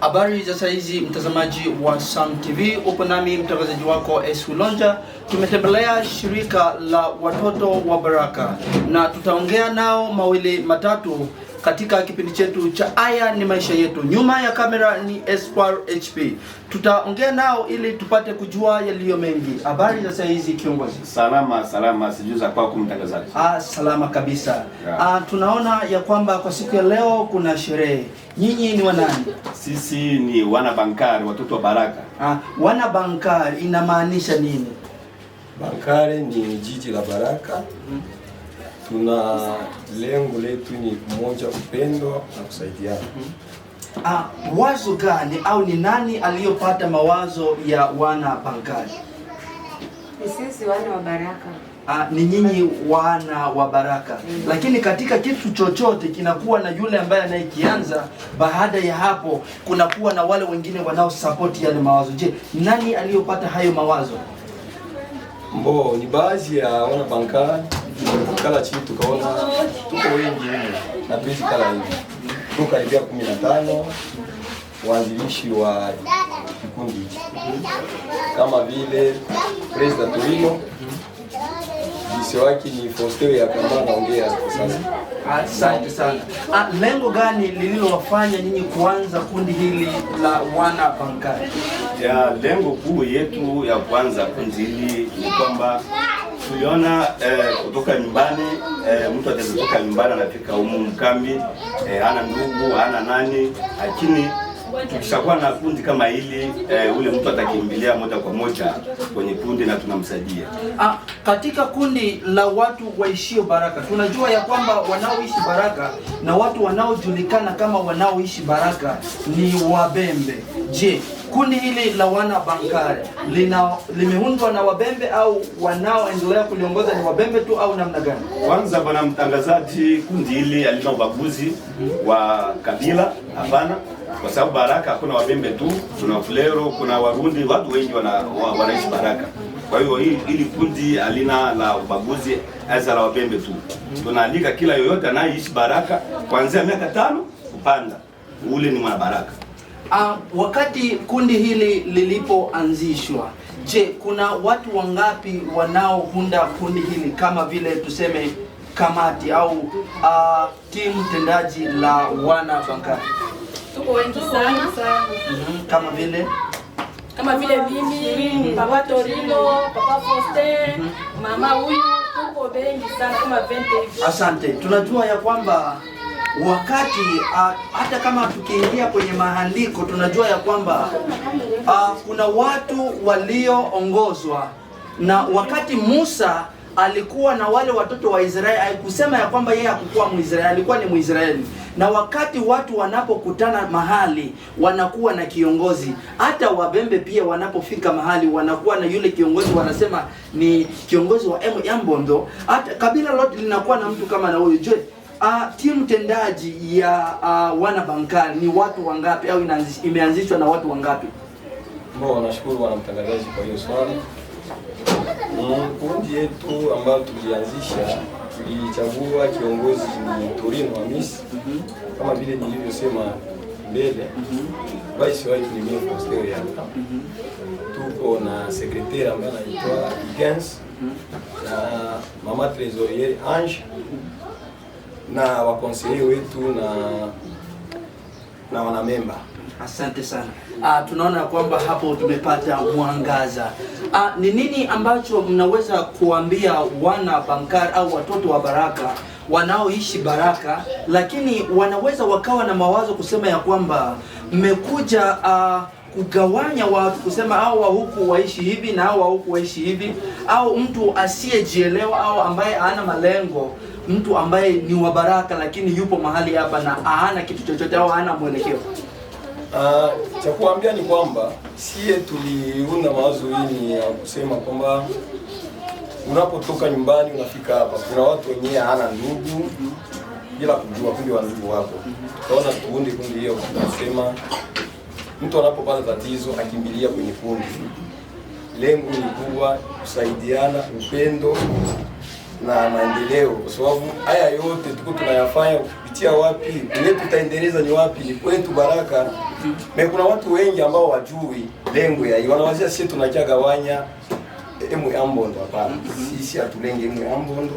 Habari za saizi mtazamaji wa Sam TV, upo nami mtangazaji wako Esu Lonja. Tumetembelea shirika la watoto wa Baraka na tutaongea nao mawili matatu katika kipindi chetu cha Haya ni Maisha Yetu. Nyuma ya kamera ni Espoir HP. Tutaongea nao ili tupate kujua yaliyo mengi. Habari za saizi kiongozi? Salama salama, sijui za kwako mtangazaji. Ah, salama kabisa. Ah, tunaona ya kwamba kwa siku ya leo kuna sherehe Nyinyi ni wanani? Sisi ni wana Bankari, watoto wa Baraka. Ah, wana Bankari inamaanisha nini? Bankari ni jiji la Baraka. Mm. Tuna lengo letu ni kumoja, upendo na kusaidiana. Mm. Ah, wazo gani au ni nani aliyopata mawazo ya wana Bankari? Ni sisi wana wa Baraka. Uh, ni nyinyi wana wa baraka mm. Lakini katika kitu chochote kinakuwa na yule ambaye anayekianza. Baada ya hapo, kunakuwa na wale wengine wanaosapoti yale mawazo. Je, nani aliyopata hayo mawazo? Mbo ni baadhi ya wana banka kala chini tukaona tuko wengi hivi na pesa kala hivi, tukaribia 15 waanzilishi wa kikundi kama vile President Torino Siwaki ni Fausteo Yakamba anaongea sasa. Mm-hmm. Asante sana. Ah, lengo gani lililowafanya nyinyi kuanza kundi hili la wana Bankari? Ya, lengo kuu yetu ya kwanza kundi hili ni kwamba tuliona eh, kutoka nyumbani eh, mtu atatoka nyumbani anafika humu mkambi eh, ana ndugu ana nani lakini tukishakuwa na kundi kama hili eh, ule mtu atakimbilia moja kwa moja kwenye kundi na tunamsaidia. Ah, katika kundi la watu waishio Baraka tunajua ya kwamba wanaoishi Baraka na watu wanaojulikana kama wanaoishi Baraka ni Wabembe. Je, kundi hili la wana Bankare lina limeundwa na Wabembe au wanaoendelea kuliongoza ni Wabembe tu au namna gani? Kwanza bwana mtangazaji, kundi hili halina ubaguzi wa kabila, hapana kwa sababu Baraka hakuna Wabembe tu, kuna fulero kuna Warundi, watu wengi wanaishi Baraka. Kwa hiyo hili kundi alina la ubaguzi aza la Wabembe tu. Tunaalika kila yoyote anayeishi Baraka kuanzia miaka tano kupanda, ule ni mwana Baraka. Uh, wakati kundi hili lilipoanzishwa, je, kuna watu wangapi wanaounda kundi hili kama vile tuseme kamati au uh, ah, timu tendaji la wana Bangali? tuko wengi sana mhm. kama vile kama vile mimi, mhm. Papa Torino, Papa Foste, mhm. mama huyu, tuko wengi sana kama 20. Asante. Tunajua ya kwamba wakati a, ah, hata kama tukiingia kwenye maandiko tunajua ya kwamba a, ah, kuna watu walioongozwa na wakati Musa alikuwa na wale watoto wa Israeli, haikusema ya kwamba yeye hakukuwa Mwisraeli, alikuwa ni Mwisraeli. Na wakati watu wanapokutana mahali wanakuwa na kiongozi, hata wabembe pia wanapofika mahali wanakuwa na yule kiongozi, wanasema ni kiongozi wa Yambondo. Hata kabila lote linakuwa na mtu kama na huyo Je, Uh, timu tendaji ya uh, wana bankari ni watu wangapi au imeanzishwa na watu wangapi? Mbona nashukuru wana mtangazaji kwa hiyo swali. Kundi yetu ambayo tulianzisha tulichagua kiongozi ni Torino amis mhm. kama vile nilivyosema mbele, vice mhm. wake ni mimi Faustin Yanga. Tuko na sekretari ambaye anaitwa Gens mhm. na mama trésorier Ange na wakonseye wetu na na wanamemba Asante sana. Uh, tunaona kwamba hapo tumepata mwangaza. Ah, ni nini ambacho mnaweza kuambia wana Bankar au watoto wa Baraka wanaoishi Baraka, lakini wanaweza wakawa na mawazo kusema ya kwamba mmekuja uh, kugawanya watu kusema hao wa huku waishi hivi na hao wa huku waishi hivi, au mtu asiyejielewa au ambaye hana malengo, mtu ambaye ni wa Baraka lakini yupo mahali hapa na hana kitu chochote au hana mwelekeo. Uh, cha kuambia ni kwamba sie tuliunda mawazo hili ya kusema kwamba unapotoka nyumbani unafika hapa, kuna watu wenyewe hana ndugu bila kujua, kundi wa ndugu wako. Tukaona tuunde kundi hiyo, kusema mtu anapopata tatizo akimbilia kwenye kundi. Lengo ni kubwa kusaidiana, upendo na maendeleo, kwa sababu haya yote tuko tunayafanya kupitia wapi? Wetu tutaendeleza ni wapi? Ni kwetu Baraka. Me kuna watu wengi ambao wajui lengo ya hii. Wanawazia sisi tunachagawanya emu eh, ya Mbondo hapana. Mm-hmm. Sisi hatulenge emu ya Mbondo.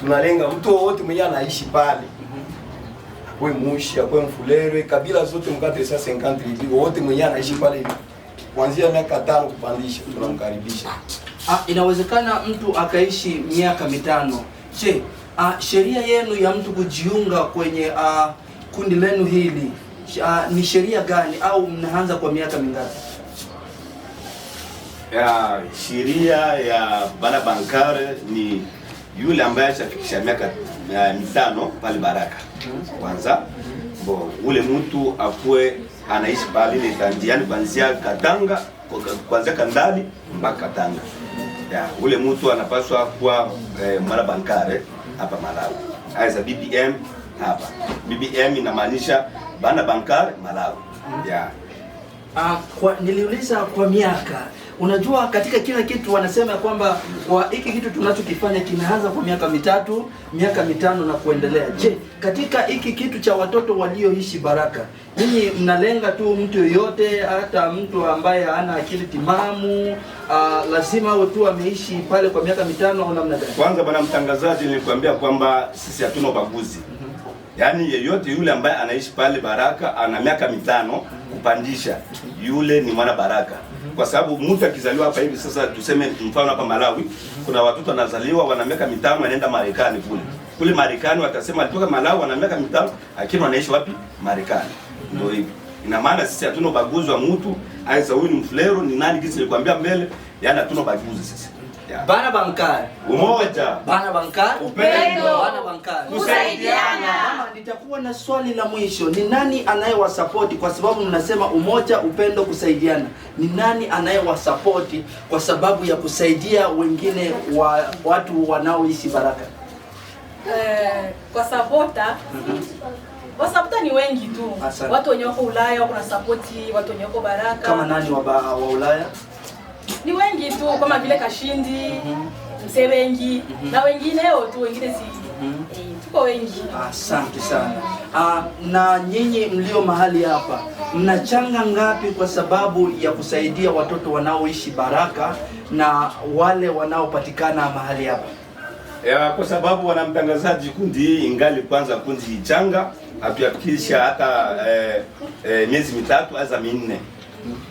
Tunalenga mtu wote mwenye anaishi pale. Mm-hmm. Kwe Mushi, kwe Mfulere, kabila zote mkate sasa 50 hivi wote mwenye anaishi pale kuanzia miaka tano kupandisha tunamkaribisha. Ah, inawezekana mtu akaishi miaka mitano. Che, ah, sheria yenu ya mtu kujiunga kwenye ah, kundi lenu hili uh, ni sheria gani au mnaanza kwa miaka mingapi? Ya, sheria ya bana bankare ni yule ambaye ashafikisha miaka mitano pale Baraka kwanza, bo ule mtu akuwe anaishi pale ile tanji, yani kuanzia Katanga, kuanzia Kandali mpaka Katanga. Ya, ule mtu anapaswa kuwa eh, mara bankare hapa Malawi, aisa BBM hapa. BBM inamaanisha Bana bankari Malawi. Yeah. kwa, niliuliza kwa miaka unajua katika kila kitu wanasema kwamba kwa hiki kitu tunachokifanya kimeanza kwa miaka mitatu miaka mitano na kuendelea. Je, katika hiki kitu cha watoto walioishi Baraka, ninyi mnalenga tu mtu yoyote, hata mtu ambaye hana akili timamu? Uh, lazima awe tu ameishi pale kwa miaka mitano au namna gani? Kwanza bwana mtangazaji, nilikwambia kwamba sisi hatuna ubaguzi. mm -hmm yaani yeyote yule ambaye anaishi pale Baraka ana miaka mitano kupandisha, yule ni mwana Baraka, kwa sababu mtu akizaliwa hapa hivi sasa, tuseme mfano hapa Malawi kuna watoto wanazaliwa wana miaka mitano, anaenda Marekani kule kule Marekani watasema alitoka Malawi ana miaka mitano, lakini wanaishi wapi? Marekani. Ndio hivi. Ina maana sisi hatuna ubaguzi wa mtu, aisa huyu ni mfulero ni nani, kisi nilikwambia mbele, yani hatuna ubaguzi sisi. Bana Bankar, umoja. Bana Bankar, upendo. Bana Bankar, kusaidiana. Mama, Nitakuwa na swali la mwisho, ni nani anayewasapoti? Kwa sababu mnasema umoja, upendo, kusaidiana, ni nani anayewasapoti kwa sababu ya kusaidia wengine wa, watu wanaoishi Baraka? Eh, kwa sapota mhm. Wasapota ni wengi tu. Asana. Watu wenye wako Ulaya wako na sapoti watu wenye wako Baraka. Kama nani wa, wa Ulaya? ni wengi tu kama vile Kashindi mm -hmm. Msewengi mm -hmm. na wengineo tu wengine si mhm. eh, tuko wengi. Asante ah, sana ah, na nyinyi mlio mahali hapa mnachanga ngapi kwa sababu ya kusaidia watoto wanaoishi Baraka na wale wanaopatikana mahali hapa? Ya, kwa sababu wanamtangazaji, kundi hii ingali kwanza kundi ichanga hatuyafikisha hata eh, eh, miezi mitatu aza minne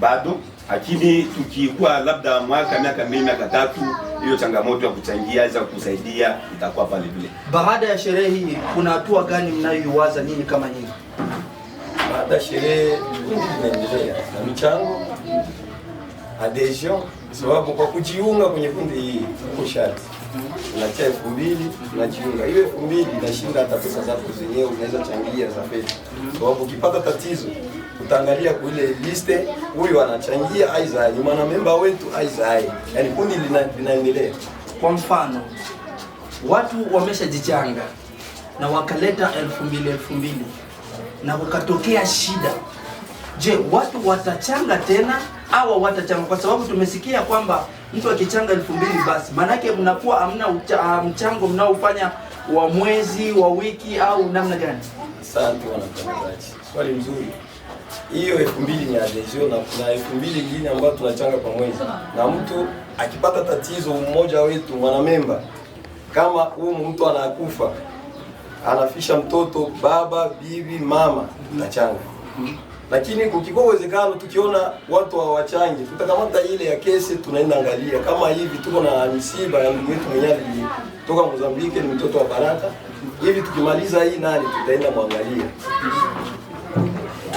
bado lakini tukikuwa labda mwaka miaka mbili miaka tatu, hiyo changamoto ya kuchangia za kusaidia itakuwa pale vile. Baada ya sherehe hii, kuna hatua gani mnayoiwaza nini kama nyinyi? Baada ya sherehe tunaendelea na michango adhesion, sababu kwa kujiunga kwenye kundi hii uko sharti unatia elfu mbili unajiunga. Hiyo elfu mbili inashinda hata pesa zako zenyewe unaweza changia za pesa, sababu ukipata tatizo utaangalia kuile liste, huyu anachangia aizai, ni mwanamemba wetu aizai, yani kundi linaendelea. Kwa mfano watu wameshajichanga na wakaleta elfu mbili elfu mbili na ukatokea shida, je, watu watachanga tena au watachanga? Kwa sababu tumesikia kwamba mtu akichanga elfu mbili basi maanake mnakuwa amna ah, mchango mnaofanya wa mwezi wa wiki au namna gani? Asante wanatangazaji, swali mzuri hiyo elfu mbili ni adhesion na elfu mbili ingine ambayo tunachanga kwa mwezi, na mtu akipata tatizo, mmoja wetu mwanamemba, kama huyu mtu anakufa anafisha mtoto, baba, bibi, mama tachanga mm-hmm. Lakini kukikuwa uwezekano tukiona watu hawachangi, tutakamata ile ya kesi, tunaenda angalia. Kama hivi tuko na misiba ya ndugu wetu mwenyewe alitoka Mozambique, ni mtoto wa Baraka. Hivi tukimaliza hii nani, tutaenda mwangalia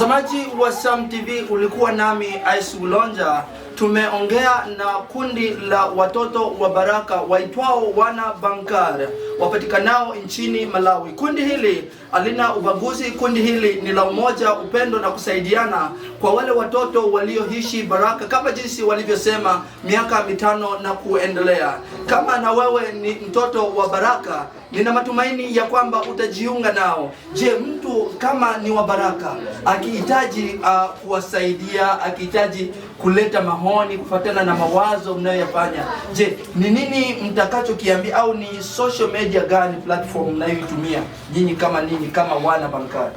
Mtazamaji wa Sam TV ulikuwa nami Ice Ulonja tumeongea na kundi la watoto wa Baraka waitwao wana Bankar wapatikanao nchini Malawi. Kundi hili alina ubaguzi. Kundi hili ni la umoja, upendo na kusaidiana kwa wale watoto walioishi Baraka kama jinsi walivyosema miaka mitano na kuendelea. Kama na wewe ni mtoto wa Baraka, nina matumaini ya kwamba utajiunga nao. Je, mtu kama ni wa Baraka akihitaji uh, kuwasaidia akihitaji kuleta maoni kufuatana na mawazo mnayoyafanya. Je, ni nini mtakachokiambia au ni social media gani platform mnayoitumia nyinyi kama nini kama wana Bankari?